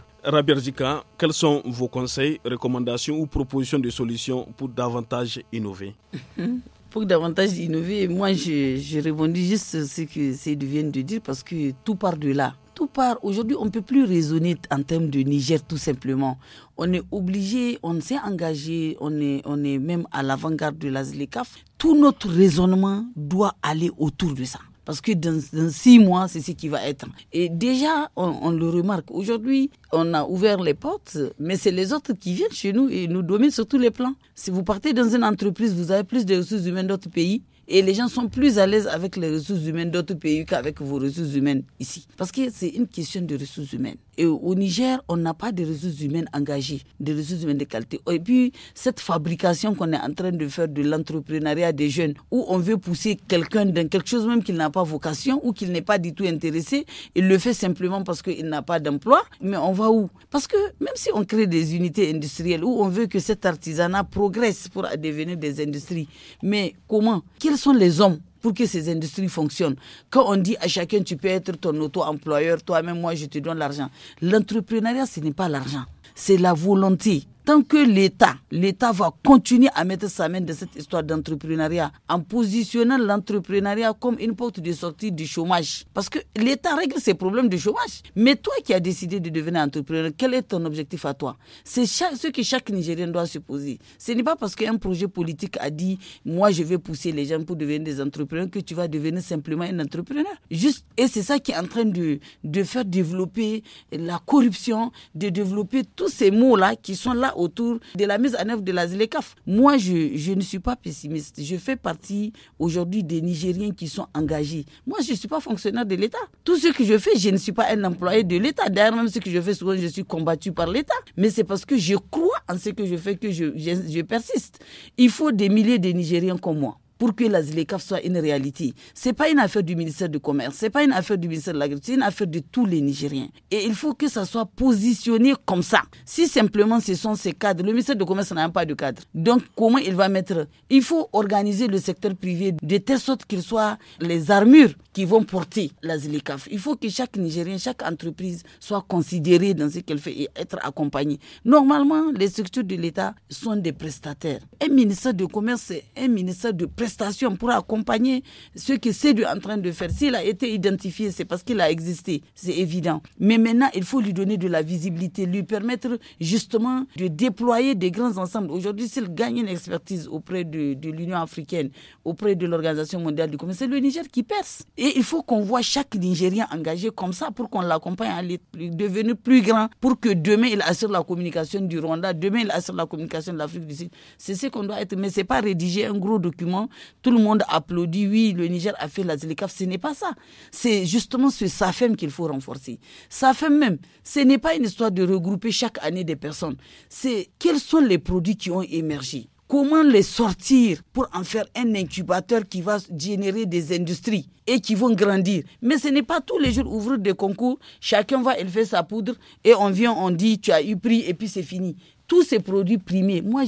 Zika, quels sont vos conseils, recommandations ou propositions de solutions pour davantage innover Pour davantage innover, moi je, je répondis juste ce que c'est de dire parce que tout part de là part, aujourd'hui, on ne peut plus raisonner en termes de Niger tout simplement. On est obligé, on s'est engagé, on est, on est même à l'avant-garde de l'ASLECAF. Tout notre raisonnement doit aller autour de ça parce que dans, six mois, c'est ce qui va être. Et déjà, on, on le remarque. Aujourd'hui, on a ouvert les portes, mais c'est les autres qui viennent chez nous et nous dominent sur tous les plans. Si vous partez dans une entreprise, vous avez plus de ressources humaines d'autres pays. Et les gens sont plus à l'aise avec les ressources humaines d'autres pays qu'avec vos ressources humaines ici. Parce que c'est une question de ressources humaines. Et au Niger, on n'a pas de ressources humaines engagées, de ressources humaines de qualité. Et puis, cette fabrication qu'on est en train de faire de l'entrepreneuriat des jeunes, où on veut pousser quelqu'un dans quelque chose même qu'il n'a pas vocation ou qu'il n'est pas du tout intéressé, il le fait simplement parce qu'il n'a pas d'emploi. Mais on va où Parce que même si on crée des unités industrielles, où on veut que cet artisanat progresse pour devenir des industries, mais comment Quels sont les hommes pour que ces industries fonctionnent. Quand on dit à chacun, tu peux être ton auto-employeur, toi-même, moi, je te donne l'argent. L'entrepreneuriat, ce n'est pas l'argent, c'est la volonté tant que l'État, l'État va continuer à mettre sa main dans cette histoire d'entrepreneuriat en positionnant l'entrepreneuriat comme une porte de sortie du chômage. Parce que l'État règle ses problèmes de chômage. Mais toi qui as décidé de devenir entrepreneur, quel est ton objectif à toi C'est ce que chaque Nigérien doit se poser. Ce n'est pas parce qu'un projet politique a dit moi je vais pousser les gens pour devenir des entrepreneurs que tu vas devenir simplement un entrepreneur. Juste, et c'est ça qui est en train de, de faire développer la corruption, de développer tous ces mots-là qui sont là autour de la mise en œuvre de la ZLECAF. Moi, je, je ne suis pas pessimiste. Je fais partie aujourd'hui des Nigériens qui sont engagés. Moi, je ne suis pas fonctionnaire de l'État. Tout ce que je fais, je ne suis pas un employé de l'État. D'ailleurs, même ce que je fais, souvent, je suis combattu par l'État. Mais c'est parce que je crois en ce que je fais que je, je, je persiste. Il faut des milliers de Nigériens comme moi pour que ZLECAF soit une réalité. Ce n'est pas une affaire du ministère du Commerce, ce n'est pas une affaire du ministère de l'Agriculture, c'est une affaire de tous les Nigériens. Et il faut que ça soit positionné comme ça. Si simplement ce sont ces cadres, le ministère du Commerce n'a pas de cadre. Donc comment il va mettre Il faut organiser le secteur privé de telle sorte qu'il soit les armures qui vont porter ZLECAF. Il faut que chaque Nigérien, chaque entreprise soit considérée dans ce qu'elle fait et être accompagnée. Normalement, les structures de l'État sont des prestataires. Un ministère du Commerce, c'est un ministère de station pour accompagner ce que c'est en train de faire. S'il a été identifié, c'est parce qu'il a existé, c'est évident. Mais maintenant, il faut lui donner de la visibilité, lui permettre justement de déployer des grands ensembles. Aujourd'hui, s'il gagne une expertise auprès de, l'Union africaine, auprès de l'Organisation mondiale du commerce, c'est le Niger qui perce. Et il faut qu'on voit chaque Nigérien engagé comme ça pour qu'on l'accompagne à devenir plus grand, pour que demain, il assure la communication du Rwanda, demain, il assure la communication de l'Afrique du Sud. C'est ce qu'on doit être, mais c'est pas rédiger un gros document tout le monde applaudit, oui, le Niger a fait la Zélicaf, Ce n'est pas ça. C'est justement ce SAFEM qu'il faut renforcer. SAFEM même, ce n'est pas une histoire de regrouper chaque année des personnes. C'est quels sont les produits qui ont émergé comment les sortir pour en faire un incubateur qui va générer des industries et qui vont grandir. Mais ce n'est pas tous les jours ouvrir des concours, chacun va élever sa poudre et on vient, on dit tu as eu prix et puis c'est fini tous ces produits primés. Moi,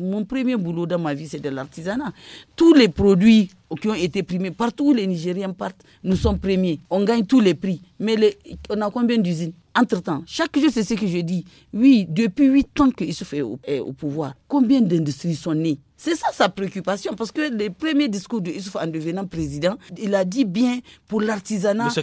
mon premier boulot dans ma vie, c'est de l'artisanat. Tous les produits qui ont été primés. Partout où les Nigériens partent, nous sommes premiers. On gagne tous les prix. Mais on a combien d'usines Entre-temps, chaque jour, c'est ce que je dis. Oui, depuis 8 ans qu'il se fait au, est eh, au pouvoir, combien d'industries sont nées c'est ça sa préoccupation, parce que le premier discours de Youssouf en devenant président, il a dit bien pour l'artisanat, je,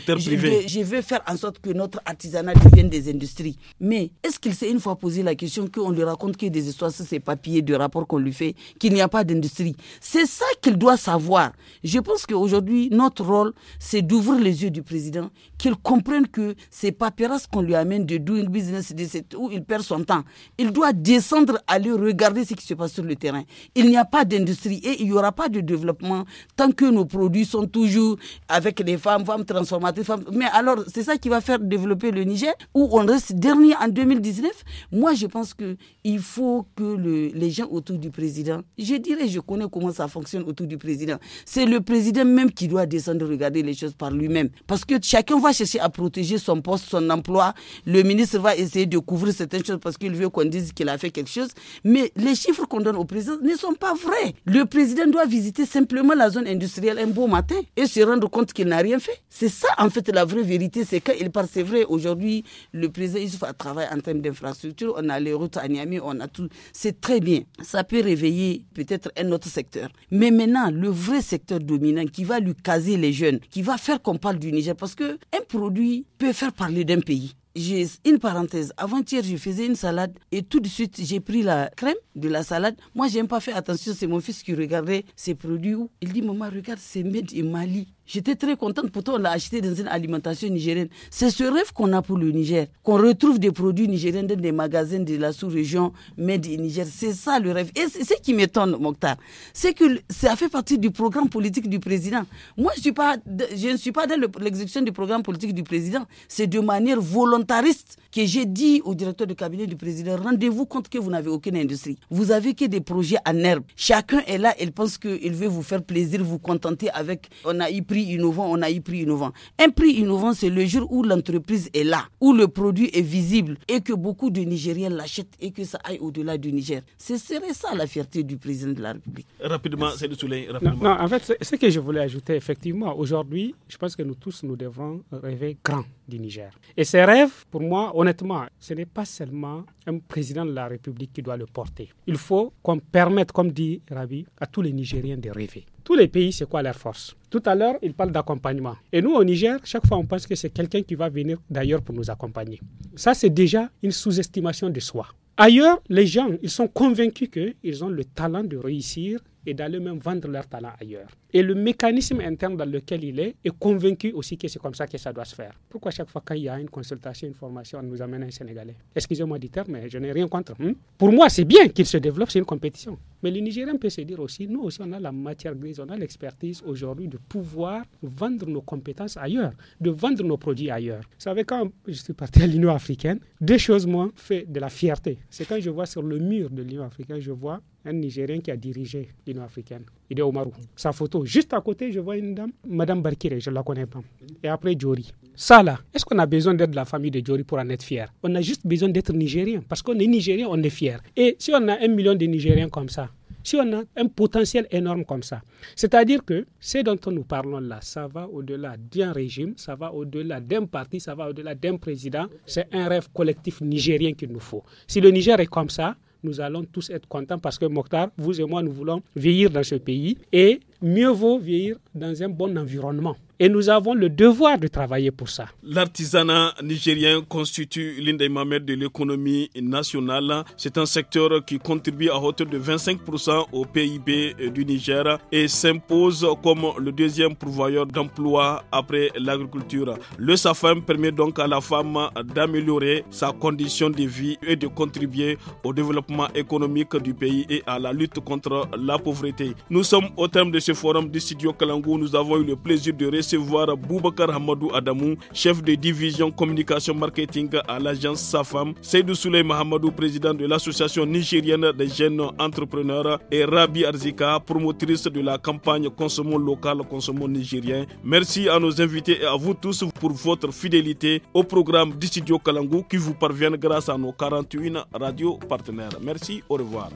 je veux faire en sorte que notre artisanat devienne des industries. Mais est-ce qu'il s'est une fois posé la question qu'on lui raconte que des histoires sur ses papiers, de rapports qu'on lui fait, qu'il n'y a pas d'industrie C'est ça qu'il doit savoir. Je pense qu'aujourd'hui, notre rôle, c'est d'ouvrir les yeux du président, qu'il comprenne que ces paperasses qu'on lui amène de doing business, où il perd son temps, il doit descendre, aller regarder ce qui se passe sur le terrain. Il n'y a pas d'industrie et il n'y aura pas de développement tant que nos produits sont toujours avec les femmes, femmes transformatrices, femmes. Mais alors, c'est ça qui va faire développer le Niger, où on reste dernier en 2019. Moi, je pense qu'il faut que les gens autour du président, je dirais, je connais comment ça fonctionne autour du président c'est le président même qui doit descendre regarder les choses par lui-même. Parce que chacun va chercher à protéger son poste, son emploi. Le ministre va essayer de couvrir certaines choses parce qu'il veut qu'on dise qu'il a fait quelque chose. Mais les chiffres qu'on donne au président ne sont pas vrais. Le président doit visiter simplement la zone industrielle un beau matin et se rendre compte qu'il n'a rien fait. C'est ça, en fait, la vraie vérité. C'est quand il part, c'est vrai, aujourd'hui, le président fait a travail en termes d'infrastructure. On a les routes à Niamey, on a tout. C'est très bien. Ça peut réveiller peut-être un autre secteur. Mais maintenant, le vrai secteur, dominant qui va lui caser les jeunes, qui va faire qu'on parle du Niger, parce que un produit peut faire parler d'un pays j'ai une parenthèse. Avant-hier, je faisais une salade et tout de suite, j'ai pris la crème de la salade. Moi, j'aime pas fait attention. C'est mon fils qui regardait ces produits. Où il dit, maman, regarde, c'est made et Mali. J'étais très contente, pourtant on l'a acheté dans une alimentation nigérienne. C'est ce rêve qu'on a pour le Niger, qu'on retrouve des produits nigériens dans des magasins de la sous-région Made in Niger. C'est ça le rêve. Et ce qui m'étonne, Mokhtar, c'est que ça fait partie du programme politique du président. Moi, je, suis pas, je ne suis pas dans l'exécution du programme politique du président. C'est de manière volontariste que j'ai dit au directeur de cabinet du président, rendez-vous compte que vous n'avez aucune industrie. Vous avez que des projets en herbe. Chacun est là, il pense qu'il veut vous faire plaisir, vous contenter avec... On a eu innovant, on a eu prix innovant. Un prix innovant, c'est le jour où l'entreprise est là, où le produit est visible et que beaucoup de Nigériens l'achètent et que ça aille au-delà du Niger. Ce serait ça la fierté du président de la République. Rapidement, c'est le soleil. Rapidement. Non, en fait, ce que je voulais ajouter, effectivement, aujourd'hui, je pense que nous tous, nous devons rêver grand du Niger. Et ces rêves, pour moi, honnêtement, ce n'est pas seulement un président de la République qui doit le porter. Il faut qu'on permette, comme dit Rabi, à tous les Nigériens de rêver. Tous les pays, c'est quoi leur force Tout à l'heure, ils parlent d'accompagnement. Et nous, au Niger, chaque fois, on pense que c'est quelqu'un qui va venir d'ailleurs pour nous accompagner. Ça, c'est déjà une sous-estimation de soi. Ailleurs, les gens, ils sont convaincus qu'ils ont le talent de réussir et d'aller même vendre leur talent ailleurs. Et le mécanisme interne dans lequel il est est convaincu aussi que c'est comme ça que ça doit se faire. Pourquoi chaque fois qu'il y a une consultation, une formation, on nous amène un Sénégalais Excusez-moi du terme, mais je n'ai rien contre. Hmm? Pour moi, c'est bien qu'il se développe, c'est une compétition. Mais le Nigérien peut se dire aussi, nous aussi, on a la matière grise, on a l'expertise aujourd'hui de pouvoir vendre nos compétences ailleurs, de vendre nos produits ailleurs. Vous savez, quand je suis parti à l'Union africaine, deux choses m'ont fait de la fierté. C'est quand je vois sur le mur de l'Union africaine, je vois un Nigérien qui a dirigé l'Union africaine, Il au Maroc, Sa photo, juste à côté, je vois une dame, Madame Barkire, je ne la connais pas. Et après, Jory. Ça, là, est-ce qu'on a besoin d'être de la famille de Jory pour en être fier On a juste besoin d'être Nigérien. Parce qu'on est Nigérien, on est fier. Et si on a un million de Nigériens comme ça, si on a un potentiel énorme comme ça. C'est-à-dire que ce dont nous parlons là, ça va au-delà d'un régime, ça va au-delà d'un parti, ça va au-delà d'un président. C'est un rêve collectif nigérien qu'il nous faut. Si le Niger est comme ça, nous allons tous être contents parce que Mokhtar, vous et moi, nous voulons vieillir dans ce pays et mieux vaut vieillir dans un bon environnement. Et nous avons le devoir de travailler pour ça. L'artisanat nigérien constitue l'une des mamelles de l'économie nationale. C'est un secteur qui contribue à hauteur de 25% au PIB du Niger et s'impose comme le deuxième pourvoyeur d'emplois après l'agriculture. Le SAFAM permet donc à la femme d'améliorer sa condition de vie et de contribuer au développement économique du pays et à la lutte contre la pauvreté. Nous sommes au terme de ce forum du studio Kalangou. Nous avons eu le plaisir de rester recevoir Boubacar Hamadou Adamou, chef de division communication marketing à l'agence SAFAM, Seydou Souley Mahamadou, président de l'association nigérienne des jeunes entrepreneurs, et Rabi Arzika, promotrice de la campagne Consommons local, consommons nigérien. Merci à nos invités et à vous tous pour votre fidélité au programme d'Istudio Kalangou qui vous parvient grâce à nos 41 radios partenaires. Merci, au revoir.